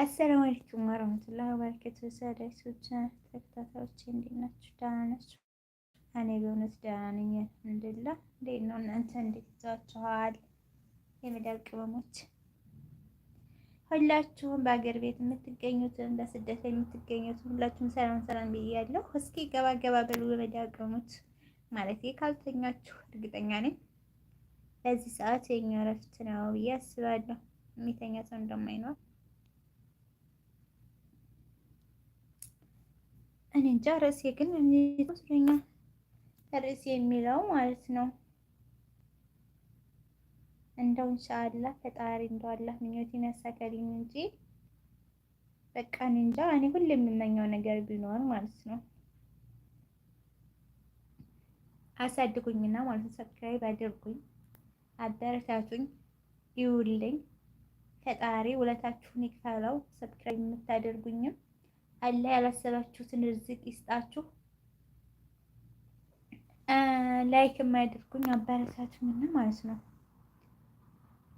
አሰላሙ አለይኩም ወራህመቱላሂ ወበረካቱ። ሰላም ተከታታዮች እንዴት ናችሁ? ደህና ናችሁ? እኔ በእውነት ደህና ነኝ አልሐምዱሊላህ። እንዴት ነው እናንተ እንዴት ይዟችኋል? የመዳብ ቅመሞች ሁላችሁም በአገር ቤት የምትገኙትን በስደት የምትገኙት ሁላችሁም ሰላም ሰላም ብያለሁ። እስኪ ገባ ገባ በሉ የመዳብ ቅመሞች ማለት ካልተኛችሁ እርግጠኛ ነኝ በዚህ ሰዓት የኛ እረፍት ነው ብዬ አስባለሁ። የሚተኛ ሰው እንደማይኖር እኔ እንጃ ርዕሴ ግን ይመስለኛል ርዕሴ የሚለው ማለት ነው። እንደው ኢንሻአላህ ፈጣሪ እንደው አላህ ምኞቴን ያሳካልኝ እንጂ በቃ እኔ እንጃ እኔ ሁሌ የምመኘው ነገር ቢኖር ማለት ነው አሳድጉኝና ማለት ነው ሰብስክራይብ አድርጉኝ፣ አበረታቱኝ፣ ይውልኝ። ፈጣሪ ውለታችሁን ይክፈለው። ሰብስክራይብ የምታደርጉኝም አላ ያላሰባችሁትን ርዝቅ ይስጣችሁ። ላይክ የማያደርጉኝ አበረታቱ ምን ማለት ነው።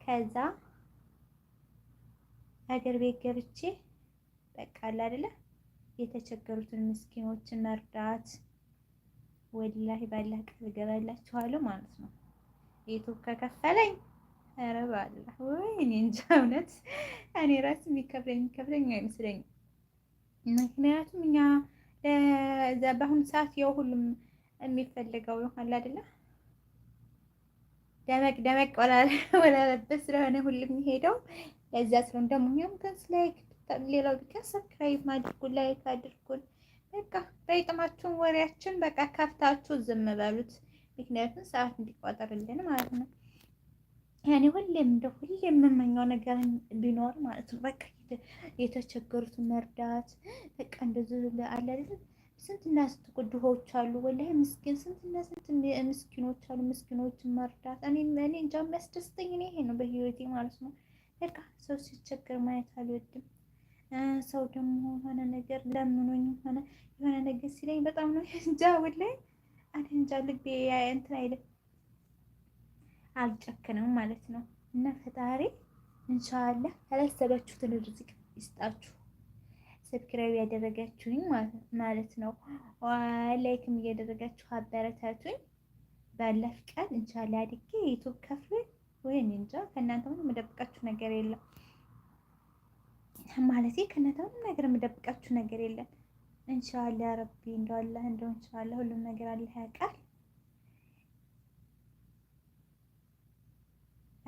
ከዛ ሀገር ቤት ገብቼ በቃ አለ አይደለ የተቸገሩትን ምስኪኖችን መርዳት ወላሂ ባላህ ቃል ገባላችኋለሁ ማለት ነው። ዩቱብ ከከፈለኝ ኧረ ወይ እኔ እንጃ እውነት እኔ ራስ የሚከብለኝ የሚከብለኝ አይመስለኝም። ምክንያቱም እኛ በአሁኑ ሰዓት ያው ሁሉም የሚፈልገው ይሆናል አይደለ? ደመቅ ደመቅ ወላለበት ስለሆነ ሁሉም የሚሄደው ለዛ ስለሆነ ደግሞ እኛም ገንስ ላይክ ሌላው ብቻ ሰብስክራይብ አድርጉን፣ ላይክ አድርጉን። በቃ በይጥማችሁን ወሬያችን በቃ ከፍታችሁ ዝም በሉት። ምክንያቱም ሰዓት እንዲቆጠርልን ማለት ነው። ያኔ ሁሌም እንደ ሁሌም የምመኘው ነገር ቢኖር ማለት ነው በቃ የተቸገሩትን መርዳት በቃ እንደዚህ አለ አይደል? ስንትና ስንት ድሆች አሉ፣ ወላሂ ምስኪን ስንትና ስንት ምስኪኖች አሉ። ምስኪኖችን መርዳት እኔ እንጃ የሚያስደስተኝ እኔ ይሄ ነው በህይወቴ ማለት ነው። በቃ ሰው ሲቸገር ማየት አልወድም። ሰው ደግሞ የሆነ ነገር ለምኖኝ ሆነ የሆነ ነገር ሲለኝ በጣም ነው እንጃ ወላሂ እንጃ ልቤ እንትን አይልም አልጨክንም ማለት ነው። እና ፈጣሪ እንሻአላህ ያላሰባችሁትን ርዝቅ ይስጣችሁ። ሰብስክራይብ ያደረጋችሁኝ ማለት ነው፣ ላይክም እያደረጋችሁ አበረታቱኝ። ባለ ፍቃድ እንሻላ አድጌ ዩቱብ ከፍል ወይም እንጃ ከእናንተ ምንም የምደብቃችሁ ነገር የለም ማለት ከእናንተ ምንም ነገር የምደብቃችሁ ነገር የለም። እንሻላ ረቢ እንደዋላ እንደው እንሻላ ሁሉም ነገር አለ ያውቃል።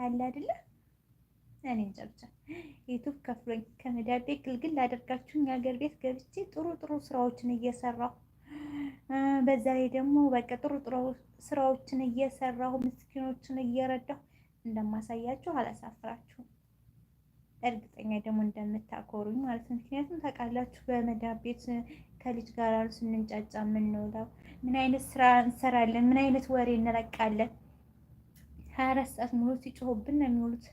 አለ አይደለ? እኔ እንጃ ብቻ ዩቱብ ከፍሎኝ ከመዳር ግልግል አደርጋችሁኝ የሀገር ቤት ገብቼ ጥሩ ጥሩ ስራዎችን እየሰራሁ በዛ ላይ ደግሞ በቃ ጥሩ ጥሩ ስራዎችን እየሰራሁ ምስኪኖችን እየረዳሁ እንደማሳያችሁ አላሳፍራችሁም። እርግጠኛ ደግሞ እንደምታኮሩኝ ማለት ነው። ምክንያቱም ታውቃላችሁ በመዳር ቤት ከልጅ ጋር ስንንጫጫ የምንውለው ምን አይነት ስራ እንሰራለን፣ ምን አይነት ወሬ እንለቃለን ሀያ አራት ሰዓት ሙሉ ሲጮሁብን ነው የሚውሉት።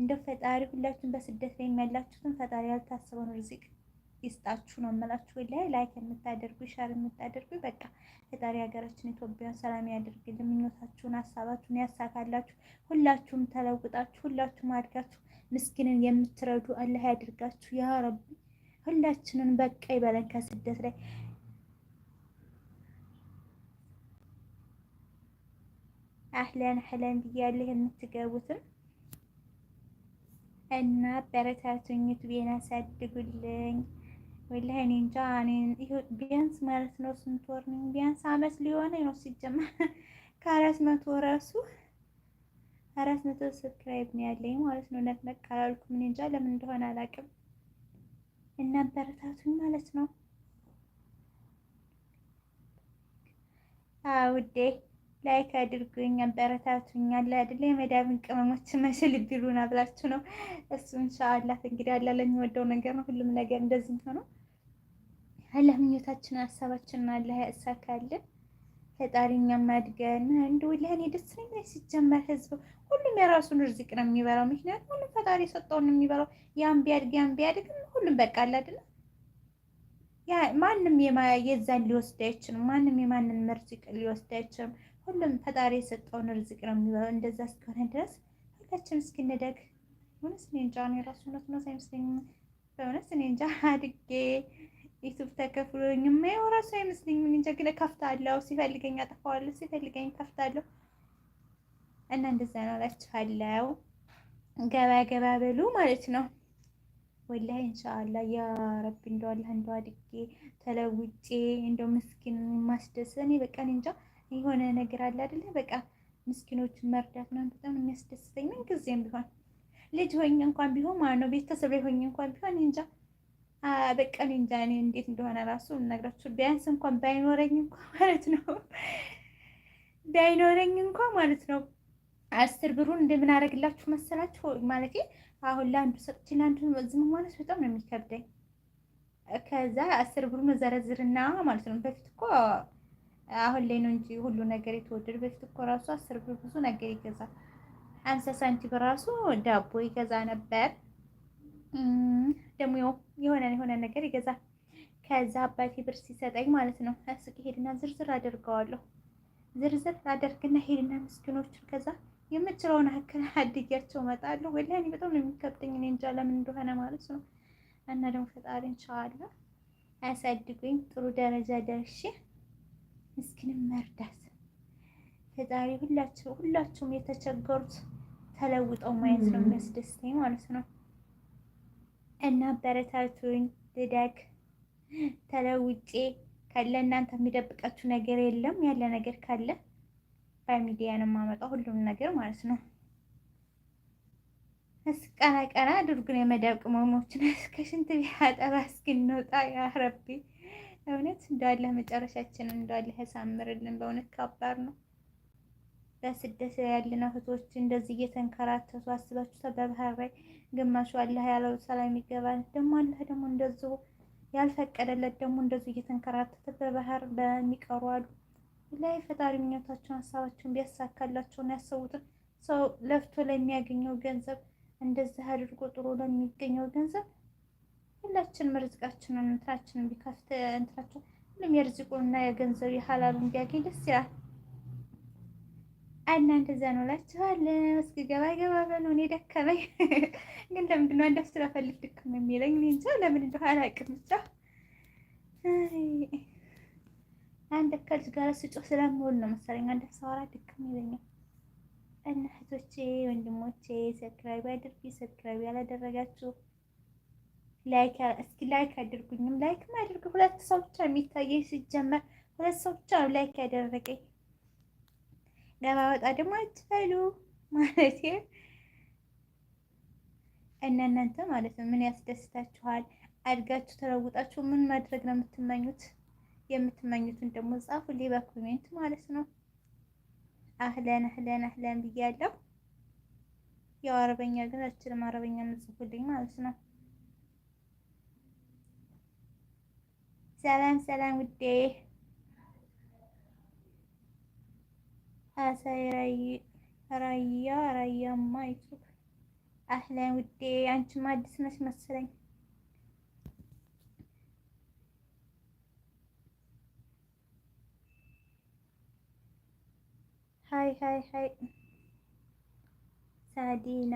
እንደ ፈጣሪ ሁላችሁን በስደት ላይ የሚያላችሁትን ፈጣሪ ያልታሰበውን ርዚቅ ይስጣችሁ ነው የምላችሁ። ላይ ላይክ የምታደርጉ ሻር የምታደርጉ በቃ ፈጣሪ ሀገራችን ኢትዮጵያን ሰላም ያደርግልን። ምኞታችሁን ሀሳባችሁን ያሳካላችሁ። ሁላችሁም ተለውጣችሁ ሁላችሁም አድጋችሁ ምስኪንን የምትረዱ አላህ ያድርጋችሁ። ያ ረቢ ሁላችንን በቃ ይበለን ከስደት ላይ አህለን አህለን ብያለሁ የምትገቡትም እና በረታቱኝ፣ ዩቲዩቤን አሳድጉልኝ። ወላሂ እኔ እንጃ ቢያንስ ማለት ነው ስንት ወር ነው? ቢያንስ አመት ሊሆነ ነው ሲጀመር ከአራት መቶ ራሱ አራት መቶ ሰብስክራይብ ነው ያለኝ ማለት ነው። ነቅነቅ አላልኩም እኔ እንጃ ለምን እንደሆነ አላውቅም። እና በረታቱኝ ማለት ነው አውዴ ላይክ አድርጉኝ፣ አበረታቱኝ። አለ አይደለ የመዳብን ቅመሞች መስል ቢሉን አብላችሁ ነው እሱ ኢንሻአላህ። እንግዲህ አላህ ለሚወደው ነገር ነው ሁሉም ነገር እንደዚህ ሆኖ አላህ ምኞታችን ሀሳባችንን አላህ ያሳካልን። ፈጣሪ እኛም አድገን እንደው ለእኔ ደስ ነኝ። ሲጀመር ህዝብ ሁሉም የራሱን ርዝቅ ነው የሚበላው፣ ምክንያቱም ሁሉም ፈጣሪ የሰጠውን ነው የሚበላው። ያን ቢያድግ ያን ቢያድግ ሁሉም በቃ አለ አይደለ ያ ማንም የዛን ሊወስድ አይችልም። ማንም የማንን ርዝቅ ሊወስድ አይችልም። ሁሉም ፈጣሪ የሰጠውን ርዝቅ ነው የሚበለው። እንደዛ እስከሆነ ድረስ ሁላችን እስኪንደግ እውነት እኔ እንጃ ነው የራሱ እውነት እውነት አይመስለኝም። በእውነት እኔ እንጃ አድጌ ዩቱብ ተከፍሎኝ የማየው ራሱ አይመስለኝም። እኔ እንጃ ግን ከፍታለሁ፣ ሲፈልገኝ አጠፋዋለሁ፣ ሲፈልገኝ ከፍታለሁ እና እንደዛ ነው እላችኋለሁ። ገባ ገባ በሉ ማለት ነው። ወላሂ እንሻአላ ያ ረቢ እንደው አላህ አድጌ ተለውጬ እንደው ምስኪን ማስደሰኔ በቃ እኔ እንጃ የሆነ ነገር አለ አይደለ? በቃ ምስኪኖችን መርዳት ነው በጣም የሚያስደስተኝ ምን ጊዜም ቢሆን ልጅ ሆኜ እንኳን ቢሆን ማለት ነው ቤተሰብ ላይ ሆኜ እንኳን ቢሆን እንጃ በቃ እንጃ እኔ እንዴት እንደሆነ ራሱ ነግራችሁ ቢያንስ እንኳን ባይኖረኝ እንኳ ማለት ነው ባይኖረኝ እንኳ ማለት ነው አስር ብሩን እንደምን አደርግላችሁ መሰላችሁ? ማለት አሁን ለአንዱ ሰጥቼ ለአንዱ ዝም ማለት በጣም ነው የሚከብደኝ። ከዛ አስር ብሩን መዘረዝርና ማለት ነው በፊት እኮ አሁን ላይ ነው እንጂ ሁሉ ነገር የተወደደ። በፊት እኮ ራሱ አስር ብር ብዙ ነገር ይገዛል። አንሳ ሳንቲም በራሱ ዳቦ ይገዛ ነበር። ደግሞ የሆነ የሆነ ነገር ይገዛል። ከዛ አባቴ ብር ሲሰጠኝ ማለት ነው እስኪ ሄድና ዝርዝር አደርገዋለሁ። ዝርዝር አደርግና ሄድና ምስኪኖችን ከዛ የምችለውን አክል አድጊያቸው እመጣለሁ። ወላሂ በጣም ነው የሚከብደኝ። እኔ እንጃ ለምን እንደሆነ ማለት ነው። እና ደግሞ ፈጣሪ እንሻላ አያሳድጉኝ ጥሩ ደረጃ ደርሼ ምስኪንም መርዳት ፈጣሪ ሁላችሁ ሁላችሁም የተቸገሩት ተለውጠው ማየት ነው የሚያስደስተኝ ማለት ነው። እና አበረታቱኝ ልደግ ተለውጬ ካለ እናንተ የሚደብቃችሁ ነገር የለም። ያለ ነገር ካለ በሚዲያ ነው የማመጣው ሁሉም ነገር ማለት ነው። እስኪ ቀና አድርጉን የመዳብ ቅመሞችን እስከ ሽንት ቤት እስኪንወጣ ያ እውነት እንዳለህ መጨረሻችንን እንዳለህ ያሳምርልን። በእውነት ከባድ ነው። በስደት ያለን እህቶች እንደዚህ እየተንከራተቱ አስባችሁ በባህር ላይ ግማሹ አላህ ያለው ሰላም ይገባል። ደግሞ አላህ ደግሞ እንደዚሁ ያልፈቀደለት ደግሞ እንደዚሁ እየተንከራተተ በባህር በሚቀሩ አሉ ላይ ፈጣሪ ምኞታቸውን ሀሳባቸውን ቢያሳካላቸውን ያሰቡትን ሰው ለፍቶ ለሚያገኘው ገንዘብ እንደዚህ አድርጎ ጥሩ ለሚገኘው ገንዘብ ሁላችንም ርዝቃችንን እንትናችንን ቢከፍት እንትናችን ሁሉም የርዝቁንና የገንዘብ የሀላሉን ቢያገኝ ደስ ይላል። እና እንደዛ ነው እላችኋለሁ። እስኪ ገባ ገባ በሉ። እኔ ደከመኝ፣ ግን ለምንድን ነው አንዳች ስራ ፈልግ ድክም የሚለኝ እኔ እንጃ ለምን እንደሆነ አላውቅም። ብቻ አንድ ከልጅ ጋር ስጮህ ስለምውል ነው መሰለኝ አንዳች ሳወራ ድክም ይለኛል። እና እህቶቼ ወንድሞቼ ሰብስክራይብ አድርጊ፣ ሰብስክራይብ ያላደረጋችሁ ላይክ እስኪ ላይክ አድርጉኝም። ላይክ ማድርግ ሁለት ሰው ብቻ የሚታየኝ ሲጀመር፣ ሁለት ሰው ብቻ ነው ላይክ ያደረገኝ። ገባ ወጣ ደግሞ አትበሉ ማለት እና እናንተ ማለት ነው ምን ያስደስታችኋል? አድጋችሁ ተለውጣችሁ ምን ማድረግ ነው የምትመኙት? የምትመኙትን ደግሞ ሌ በኮሜንት ማለት ነው። አህለን አህለን አህለን ብያለሁ። ያው አረበኛ ግን አችልም አረበኛ ምጽፉልኝ ማለት ነው። ሰላም ሰላም ውዴ አሳይ ራያ ራያማ ይሱፍ አህለን ውዴ። አንቺማ አዲስ ነሽ መሰለኝ። ሀይ ሀይ ሀይ ሳዲና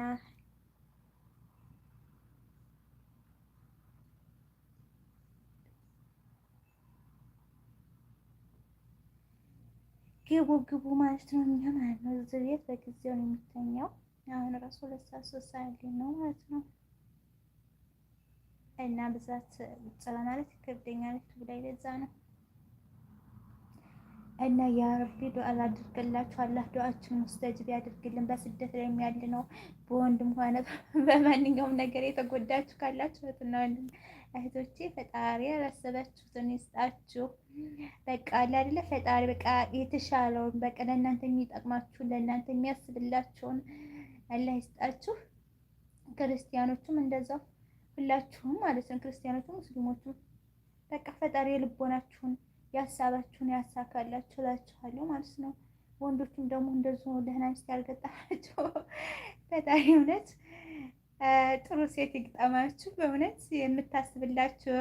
ግቡ ግቡ ማለት ነው። እኛ ማለት ነው እዚህ ቤት በጊዜው ነው የሚተኛው። አሁን ራሱ ሁለት ሰዓት ሶስት ሰዓት ነው ማለት ነው። እና ብዛት ጸባ ማለት ይከብደኛለች ብላይ ለዛ ነው። እና ያ ረቢ ዱዓ አድርግላችሁ አላህ ዱዓችሁን ሙስተጅብ ያድርግልን። በስደት ላይ ያለ በወንድም ሆነ በማንኛውም ነገር የተጎዳችሁ ካላችሁ እህትና ወንድም እህቶቼ ፈጣሪ ያላሰባችሁትን ይስጣችሁ። በቃ አይደለ ፈጣሪ በቃ የተሻለውን በቃ ለእናንተ የሚጠቅማችሁን ለእናንተ የሚያስብላችሁን አላህ ይስጣችሁ። ክርስቲያኖቹም እንደዛው ሁላችሁም ማለት ነው። ክርስቲያኖቹም ሙስሊሞቹም በቃ ፈጣሪ የልቦናችሁን ያሳባችሁን ያሳካላችሁ እላችኋለሁ ማለት ነው። ወንዶቹም ደግሞ እንደዚሁ ደህና ሚስት ያልገጠማቸው ፈጣሪ እውነት ጥሩ ሴት ይግጠማችሁ። በእውነት የምታስብላችሁ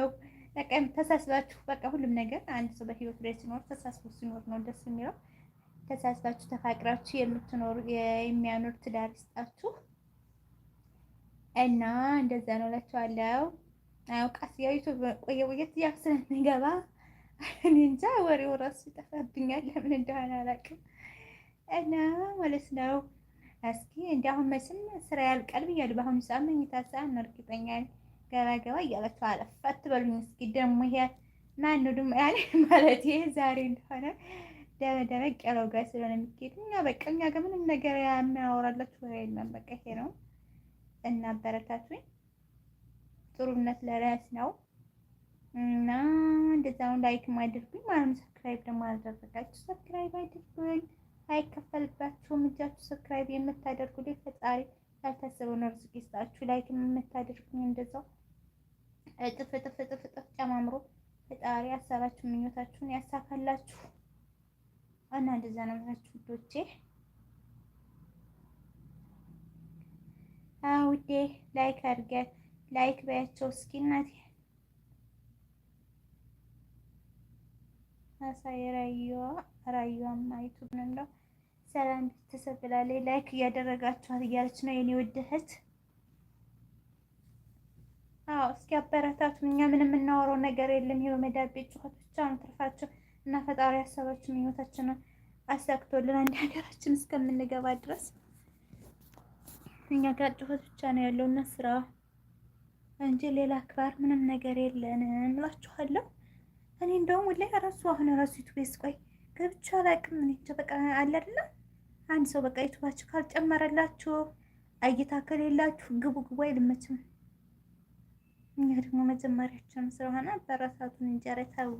በቃ ተሳስባችሁ በቃ ሁሉም ነገር አንድ ሰው በህይወት ላይ ሲኖር ተሳስቦ ሲኖር ነው ደስ የሚለው። ተሳስባችሁ ተፋቅራችሁ የምትኖሩ የሚያኖር ትዳር ይስጣችሁ እና እንደዛ ነው እላችኋለሁ። አውቃስ ያው ዩቱብ ቆየ ቆየት ያው ስለሚገባ እኔ እንጃ ወሬው ራሱ ይጠፋብኛል። ለምን እንደሆነ አላውቅም እና ማለት ነው እስኪ እንዲ አሁን መቼም ስራ ያልቃል ብያለሁ። በአሁኑ ሰዓት መኝታ ሰዓት ነው እርግጠኛ ገባገባ እያላችሁ አለፋት በሉኝ። እስኪ ደግሞ ይሄ ማነው ደግሞ ያኔ ማለት ይሄ ዛሬ እንደሆነ ደረደረቅ ያለው ጋር ስለሆነ የሚካሄድ እኛ በቃ እኛ ጋር ምንም ነገር የሚያወራላችሁ ወይ የለም። በቃ ይሄ ነው እና አበረታቱኝ። ጥሩነት ለራስ ነው እና እንደዛውን ላይክ ማድርጉኝ ማለት ሰብስክራይብ ደግሞ አልደረጋችሁ ሰብስክራይብ አድርጉኝ። አይከፈልባችሁም። እጃችሁ ሰብስክራይብ ላይ ፈጣሪ ያልታሰበውን ርዝቅ ይስጣችሁ። ላይክ የምታደርጉኝ እንደዛው እጥፍ እጥፍ እጥፍ እጥፍ ጨማምሮ ፈጣሪ ሀሳባችሁ ምኞታችሁን ያሳካላችሁ እና እንደዛ ነው የምላችሁ ውዶቼ። አውዴ ላይክ አድርገን ላይክ በያቸው እስኪ እናቴ አሳ የራዩዋ ማየቱን ነው። ሰላም ቤተሰብ ብላለች። ላይክ እያደረጋችኋት እያለች ነው የኔ ውድ እህት። አዎ እስኪ አበረታቱን። እኛ ምንም የምናወራው ነገር የለም። ይኸው መዳቤ ጩኸት ብቻ ነው ትርፋችን እና ፈጣሪ ሀሳባችን ህይወታችንን አሳክቶልን አንድ ሀገራችን እስከምንገባ ድረስ እኛ ጋር ጩኸት ብቻ ነው ያለው እና ስራ እንጂ ሌላ አክባር ምንም ነገር የለንም እላችኋለሁ። እኔ እንደውም ወላሂ ራሱ አሁን ራሱ ዩቱብ ስቆይ ገብቼ አላውቅም። ምን እንጃ በቃ አለ አንድ ሰው በቃ ዩቱባችሁ ካልጨመረላችሁ እይታ ከሌላችሁ ግቡ ግቡ አይልመችም። እኛ ደግሞ መጀመሪያችን ስለሆነ በራሳቱን እንጀራ ተው።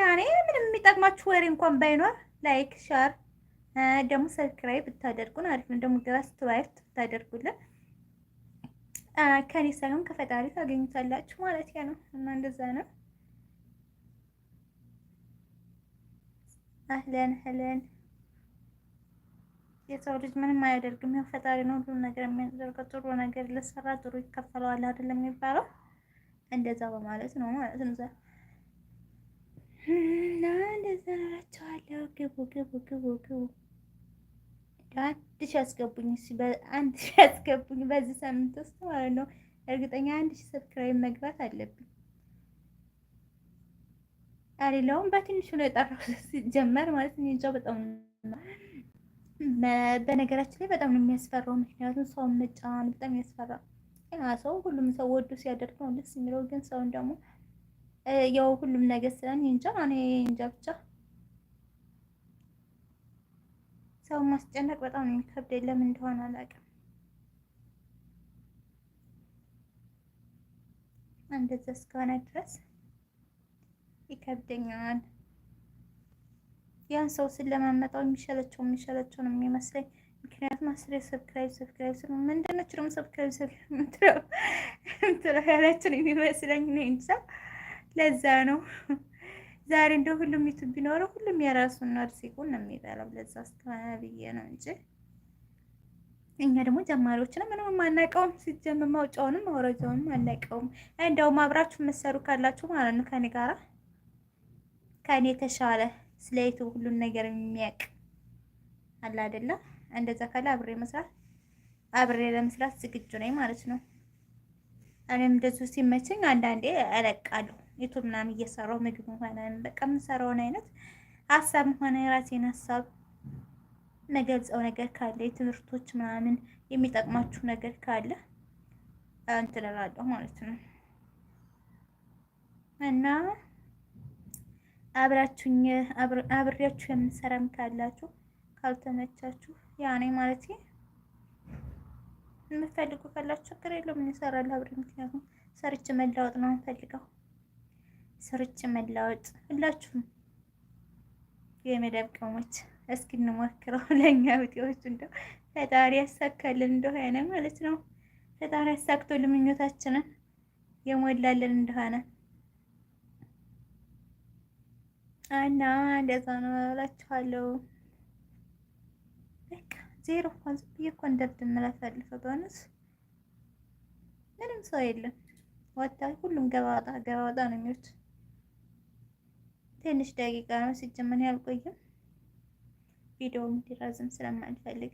ያኔ ምንም የሚጠቅማችሁ ወሬ እንኳን ባይኖር ላይክ ሻር ደግሞ ሰብስክራይብ ብታደርጉን አሪፍ ነው። ደግሞ ገባ ስትባይፍ ብታደርጉልን ከኔ ሳይሆን ከፈጣሪ ታገኙታላችሁ ማለት ነው እና እንደዛ ነው። አህለን ህለን የሰው ልጅ ምንም አያደርግም። ያው ፈጣሪ ነው ሁሉም ነገር የሚያደርገው። ጥሩ ነገር ለሰራ ጥሩ ይከፈለዋል አይደለም የሚባለው? እንደዛ በማለት ነው ማለት ነው። እና እንደዛ እላቸዋለሁ። ግቡ ግቡ ግቡ ግቡ። አንድ ሺህ አስገቡኝ፣ አንድ ሺህ አስገቡኝ በዚህ ሳምንት ውስጥ ማለት ነው። እርግጠኛ አንድ ሺህ ሰብስክራይብ መግባት አለብኝ። አሌላውም በትንሹ ነው የጠራው ሲጀመር ማለት እኔ በጣም በነገራችን ላይ በጣም ነው የሚያስፈራው፣ ምክንያቱም ሰው መጫን በጣም ያስፈራል። ሰው ሁሉም ሰው ወዶ ሲያደርግ ነው ደስ የሚለው፣ ግን ሰውን ደግሞ ያው ሁሉም ነገር ስለን እንጃ እኔ እንጃ ብቻ ሰው ማስጨነቅ በጣም ነው የሚከብደኝ። የለም እንደሆነ አላውቅም። እንደዛ እስከሆነ ድረስ ይከብደኛል። ያን ሰው ስለማመጣው የሚሸለቸው የሚሸለቸው ነው የሚመስለኝ። ምክንያቱም አስሬ ሰብስክራይብ ሰብስክራይብ ስ ምንድነች ነው ደግሞ ሰብስክራይብ ሰብስክራይብ ምትለው ያላችሁ ነው የሚመስለኝ ነው እንጂ ለዛ ነው ዛሬ እንደ ሁሉም ዩቱብ ቢኖረው ሁሉም የራሱን ነርሲቁን ነው የሚጠላው። ለዛ ስለሆነ ብዬ ነው እንጂ እኛ ደግሞ ጀማሪዎች ነው፣ ምንም አናውቀውም። ሲጀምር ማውጫውንም ማውረጃውንም አናውቀውም። እንደውም አብራችሁ መሰሩ ካላችሁ ማለት ነው ከኔ ጋራ ከእኔ የተሻለ ስለይቱ ሁሉን ነገር የሚያውቅ አለ አይደለ? እንደዛ ካለ አብሬ መስራት አብሬ ለመስራት ዝግጁ ነኝ ማለት ነው። እኔም እንደዚሁ ሲመቸኝ አንዳንዴ እለቃለሁ ዩቱብ ምናምን እየሰራሁ ምግብ ሆነ በቃ የምሰራውን አይነት ሀሳብ ሆነ የራሴን ሀሳብ መገልጸው ነገር ካለ የትምህርቶች ምናምን የሚጠቅማችሁ ነገር ካለ እንትን እላለሁ ማለት ነው እና አብራችሁኝ አብሬያችሁ የምንሰራም ካላችሁ ካልተመቻችሁ ያኔ ማለት የምፈልጉ ካላችሁ ችግር የለውም እንሰራለን አብሬ። ምክንያቱም ሰርች መላወጥ ነው የምፈልገው፣ ሰርች መላወጥ። ሁላችሁም የመዳብ ቅመሞች እስኪ እንሞክረው። ለእኛ ብጤዎች እንደው ፈጣሪ ያሳካልን እንደሆነ ማለት ነው። ፈጣሪ ያሳክቶ ልምኞታችንን የሞላልን እንደሆነ እና እንደዛ ነው እላችኋለሁ። በቃ ዜሮ እንኳን ዝም ብዬ እኮ እንደብድም እላሳልፈው በእውነት ምንም ሰው የለም። ወጣ ሁሉም ገባጣ ገባጣ ነው የሚሉት። ትንሽ ደቂቃ ነው ሲጀመር ያልቆየም ቪዲዮ እንዲራዝም ስለማንፈልግ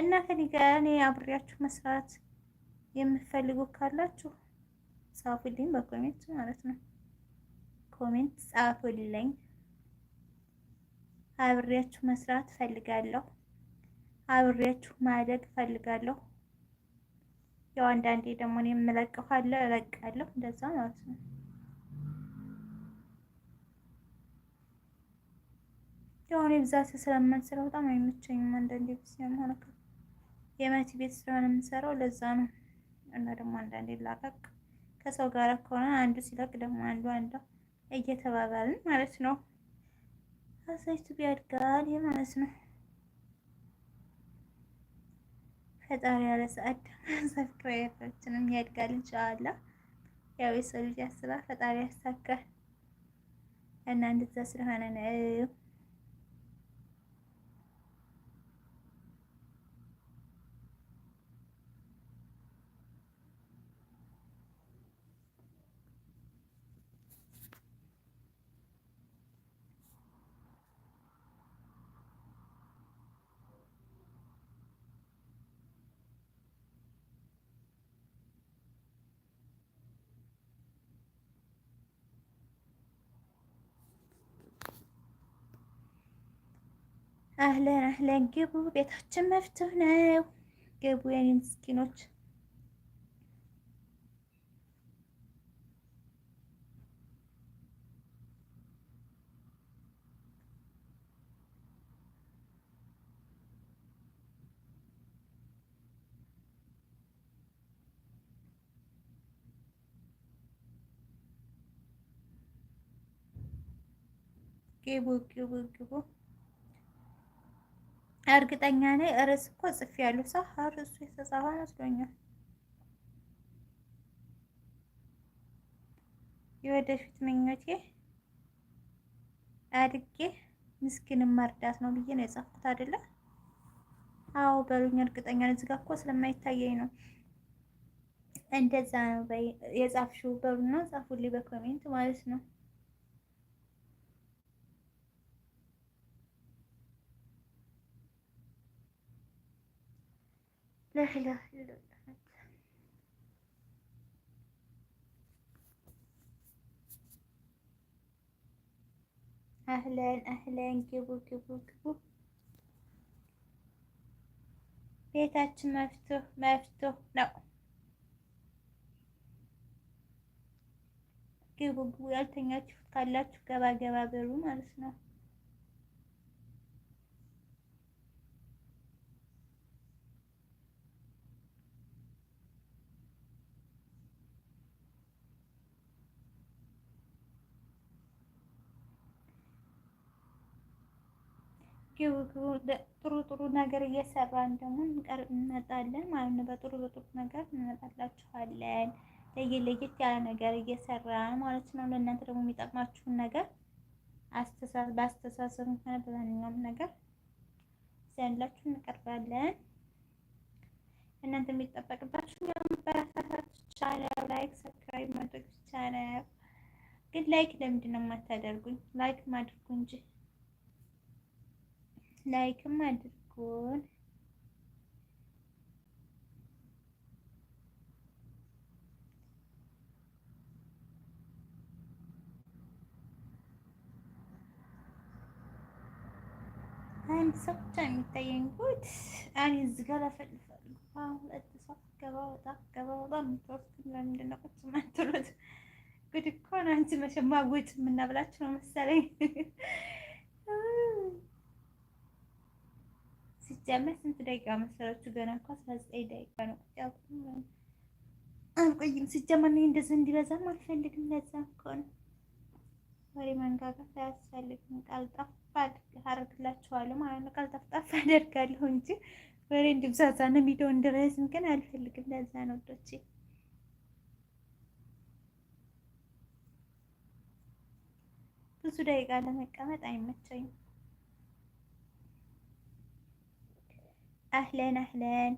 እና ከኔ ጋር እኔ አብሬያችሁ መስራት የምትፈልጉ ካላችሁ ጻፉልኝ በኮሜንት ማለት ነው። ኮሜንት ጻፉልኝ። አብሬያችሁ መስራት ፈልጋለሁ። አብሬያችሁ ማደግ ፈልጋለሁ። ያው አንዳንዴ ደግሞ እኔ የምለቀው እለቃለሁ፣ እንደዛ ማለት ነው። ያው እኔ ብዛት ስለማንሰራ በጣም አይመቸኝም። አንዳንዴ ብስ የመቲ ቤት ስለሆነ የምንሰራው ለዛ ነው እና ደግሞ አንዳንዴ ላቀቅ ከሰው ጋር ከሆነ አንዱ ሲለቅ ደግሞ አንዱ አንዱ እየተባባልን ማለት ነው። አሳይቱ ቢያድጋል ማለት ነው። ፈጣሪ ያለ ሰዓት ደግሞ ያድጋል ኢንሻአላህ። ያው የሰው ልጅ ያስባል ፈጣሪ ያሳካል እና እንደዛ ስለሆነ ነው። اهلا اهلا ግቡ ቤታችን መፍትህ ነው። ግቡ የኔ ምስኪኖች። ግቡ ግቡ ግቡ እርግጠኛ ነኝ። እርስ እኮ ጽፍ ያለው ሰው ርዕሱ የተጻፈ መስሎኛል። የወደፊት ምኞቴ አድጌ ምስኪን መርዳት ነው ብዬ ነው የጻፍኩት አይደለ? አዎ በሉኝ። እርግጠኛ ነኝ። እዚህ እኮ ስለማይታየኝ ነው። እንደዛ ነው የጻፍሽው በሉ ነው ጻፉልኝ በኮሜንት ማለት ነው። አህለን አህለን፣ ግቡ ግቡ ግቡ። ቤታችን መፍቱህ መፍቱህ ነው። ግቡ ግቡ። ያልተኛችሁ ካላችሁ ገባ ገባ በሉ ማለት ነው። ጥሩ ጥሩ ነገር እየሰራን ደግሞ እንመጣለን ማለት ነው። በጥሩ በጥሩ ነገር እንመጣላችኋለን። ለየለየት ያለ ነገር እየሰራን ማለት ነው። ለእናንተ ደግሞ የሚጠቅማችሁን ነገር በአስተሳሰብ ሆነ በማንኛውም ነገር ዘንላችሁ እንቀርባለን። እናንተ የሚጠበቅባችሁ ለመበረታታት ይቻላል። ላይክ ሰብስክራይብ ማድረግ ይቻላል። ግን ላይክ ለምንድን ነው የማታደርጉኝ? ላይክ ማድርጉ እንጂ ላይክም አድርጉን። አንድ ሰው ብቻ የሚታየኝ ጉድ። እኔ እዚህ ጋር አፈልፋለሁ። ሁለት ሰው ገባ ወጣ ገባ ወጣ የምትወስድ ለምንድን ነው ቁጭ የማትሉት? ጉድ እኮ ነው። አንቺ መሸማወጭ የምናብላችሁ ነው መሰለኝ። ሲጀመር ስንት ደቂቃ መሰላችሁ? ገና እንኳ አስራ ዘጠኝ ደቂቃ ነው። አልቆይም። ሲጀመር ነው እንደዚህ እንዲበዛም አልፈልግም። ለዛ እኮ ነው ወሬ መንጋጋት አያስፈልግም። ማለት ነው። አደርጋለሁ እንጂ ወሬ እንዲብዛዛ ነው ቪዲዮ እንዲረዝም ግን አልፈልግም። ለዛ ነው ብዙ ደቂቃ ለመቀመጥ አይመቸኝም። አህለን አህለን፣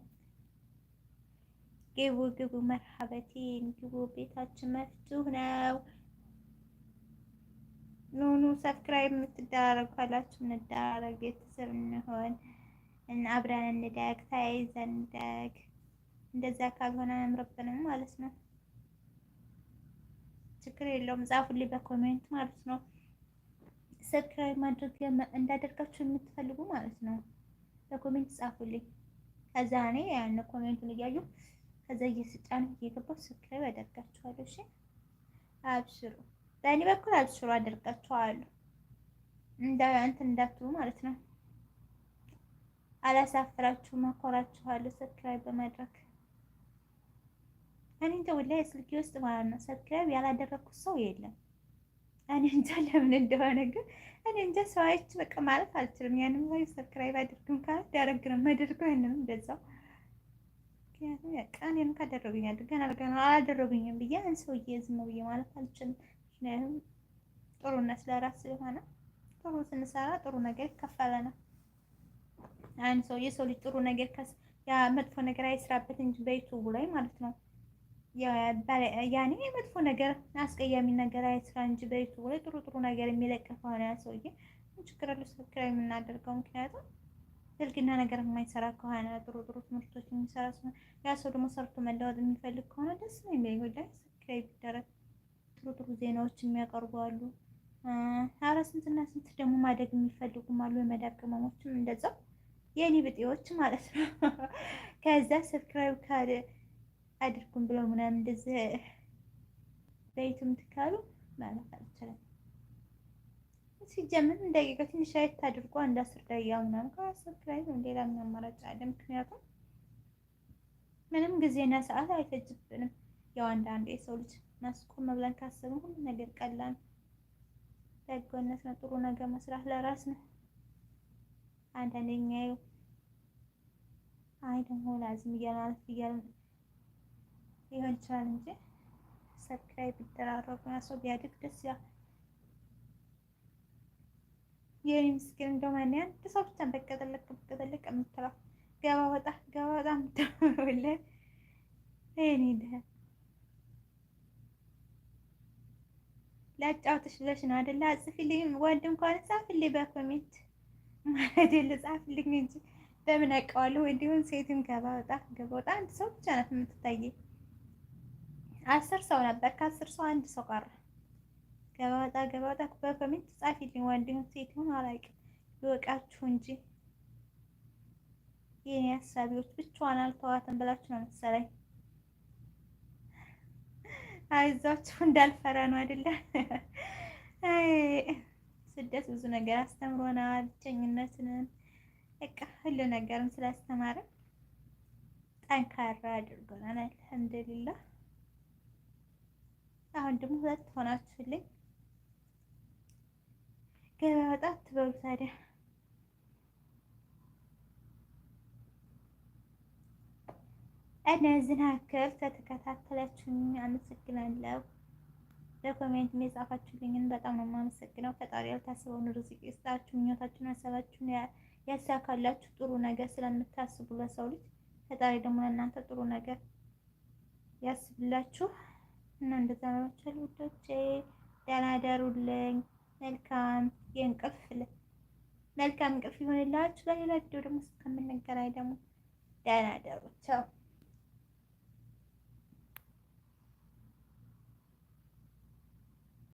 ግቡ ግቡ፣ መርሐበቴን ግቡ፣ ቤታችን መፍቱህ ነው። ኑኑ ሰብስክራይብ የምትደራረጉ ካላችሁ እንደራረግ፣ ቤተሰብ እንሆን፣ አብረን እንደግ፣ ተያይዘን እንደግ። እንደዛ ካልሆነ አያምርብንም ማለት ነው። ችግር የለውም። ጻፉልኝ በኮሜንት ማለት ነው። ሰብስክራይብ ማድረግ እንዳደርጋችሁ የምትፈልጉ ማለት ነው። በኮሜንት ጻፉልኝ። ከዛ እኔ ያን ኮሜንቱን እያዩ ከዛ እየስጫን እየገባው ሰብስክራይብ አደርጋችኋለሁ። እሺ አብሽሩ፣ በእኔ በኩል አብሽሩ አደርጋችኋለሁ። እንደ እንትን እንዳትሉ ማለት ነው። አላሳፍራችሁ፣ መኮራችኋለሁ ሰብስክራይብ በማድረግ እኔ እንጃ ወላሂ ስልኬ ውስጥ ማለት ነው ሰብስክራይብ ያላደረኩት ሰው የለም። እኔ እንጃ ለምን እንደሆነ ግን እኔ እንጃ ሰው አይቼ በቃ ማለት አልችልም። ያንም ላይ ሰብስክራይብ አድርግም ካለ ዳረግ ነው የማደርገው። ያንም እንደዛው ምክንያቱም በቃ እኔም ካደረጉኝ አድርገን አልገና አላደረጉኝም ብዬ አንድ ሰውዬ ዝም ብዬ ማለት አልችልም። ምክንያቱም ጥሩነት ለራስ ስለሆነ ጥሩ ስንሰራ ጥሩ ነገር ይከፈለናል። አንድ ሰው የሰው ልጅ ጥሩ ነገር መጥፎ ነገር አይስራበት እንጂ በዩቱቡ ላይ ማለት ነው ያኔ የመጥፎ ነገር አስቀያሚ ነገር አይስራ እንጂ በቤቱ ላይ ጥሩ ጥሩ ነገር የሚለቅ ከሆነ ሰውዬ ችግር ያለው ሰብስክራይብ የምናደርገው ምክንያቱም ስልክና ነገር የማይሰራ ከሆነ ጥሩ ጥሩ ትምህርቶች የሚሰራ ሲሆን ያ ሰው ደግሞ ሰርቶ መለወጥ የሚፈልግ ከሆነ ደስ ነው የሚለኝ። ወላሂ ሰብስክራይብ ይደረግ። ጥሩ ጥሩ ዜናዎች የሚያቀርቡ አሉ። ኧረ ስንትና ስንት ደግሞ ማደግ የሚፈልጉም አሉ። የመዳብ ቅመሞችም እንደዛው የእኔ ብጤዎች ማለት ነው። ከዛ ሰብስክራይብ አድርጉም ብለው ምናምን እንደዚህ በይቱም ትካሉ ማለት አልችልም። ሲጀምር እንደቂቃ ትንሽ አየት አድርጎ አንድ አስር ደቂቃ ምናምን ከአስር ሌላ ምን አማራጭ አለ? ምክንያቱም ምንም ጊዜና ሰዓት አይፈጅብንም። ያው አንዳንድ የሰው ልጅ ማስቆም ብለን ካሰብን ሁሉ ነገር ቀላል በጎነት ነው። ጥሩ ነገር መስራት ለራስ ነው። አንዳንደኛ አይ ደግሞ ላዝም እያለ ማለት እያለ ሊሆን ይችላል እንጂ ሰብስክራይብ ቢደራረጉ እና ሰው ቢያድግ ደስ ይላል። የኔ ምስኪን እንደው ማን ያን ሰው ብቻ በቀጠለቅ በቀጠለቅ የምትለው ገባ ወጣ ገባ ወጣ የምትለው የኔ ደህና ላጫውትሽ ብለሽ ነው አይደለ? አጽፊልኝ ወንድም እንኳን ጻፍልኝ በኮሜንት ማለት የለ ጻፍልኝ እንጂ በምን አውቀዋለሁ። እንዲሁም ሴትም ገባ ወጣ ገባ ወጣ አንድ ሰው ብቻ ናት የምትታየኝ። አስር ሰው ነበር። ከአስር ሰው አንድ ሰው ቀረ። ገባጣ ገባጣ በኮሜንት ጻፊልኝ። ወንድም ሴትም አላውቅም ይወቃችሁ እንጂ የኔ ሀሳቢዎች ብቻዋን አልተዋትም ብላችሁ ነው መሰለኝ። አይዟችሁ እንዳልፈራ ነው አይደለ? ስደት ብዙ ነገር አስተምሮናል። ብቸኝነትንም በቃ ሁሉ ነገርም ስላስተማረ ጠንካራ አድርጎናል። አልሐምዱሊላህ አሁን ደግሞ ሁለት ሆናችሁልኝ። ገበያ ወጣ አትበሉ ታዲያ። እነዚህን ያክል ተተከታተላችሁኝ አመሰግናለሁ። ለኮሜንት የጻፋችሁልኝን በጣም ነው የማመሰግነው። ፈጣሪ ያልታሰበውን ርዝቅ ይስጣችሁ። ምኞታችሁን፣ ሀሳባችሁን ያሳካላችሁ። ጥሩ ነገር ስለምታስቡ ለሰው ልጅ ፈጣሪ ደግሞ ለእናንተ ጥሩ ነገር ያስብላችሁ። እና እንደዛ ናቸው ውዶቼ። ደህና ደሩልኝ። መልካም የእንቅልፍ መልካም እንቅልፍ ይሆንላችሁ። ለሌላ ቪዲዮ ደግሞ እስከምንገናኝ ደግሞ ደህና ደሩ። ቻው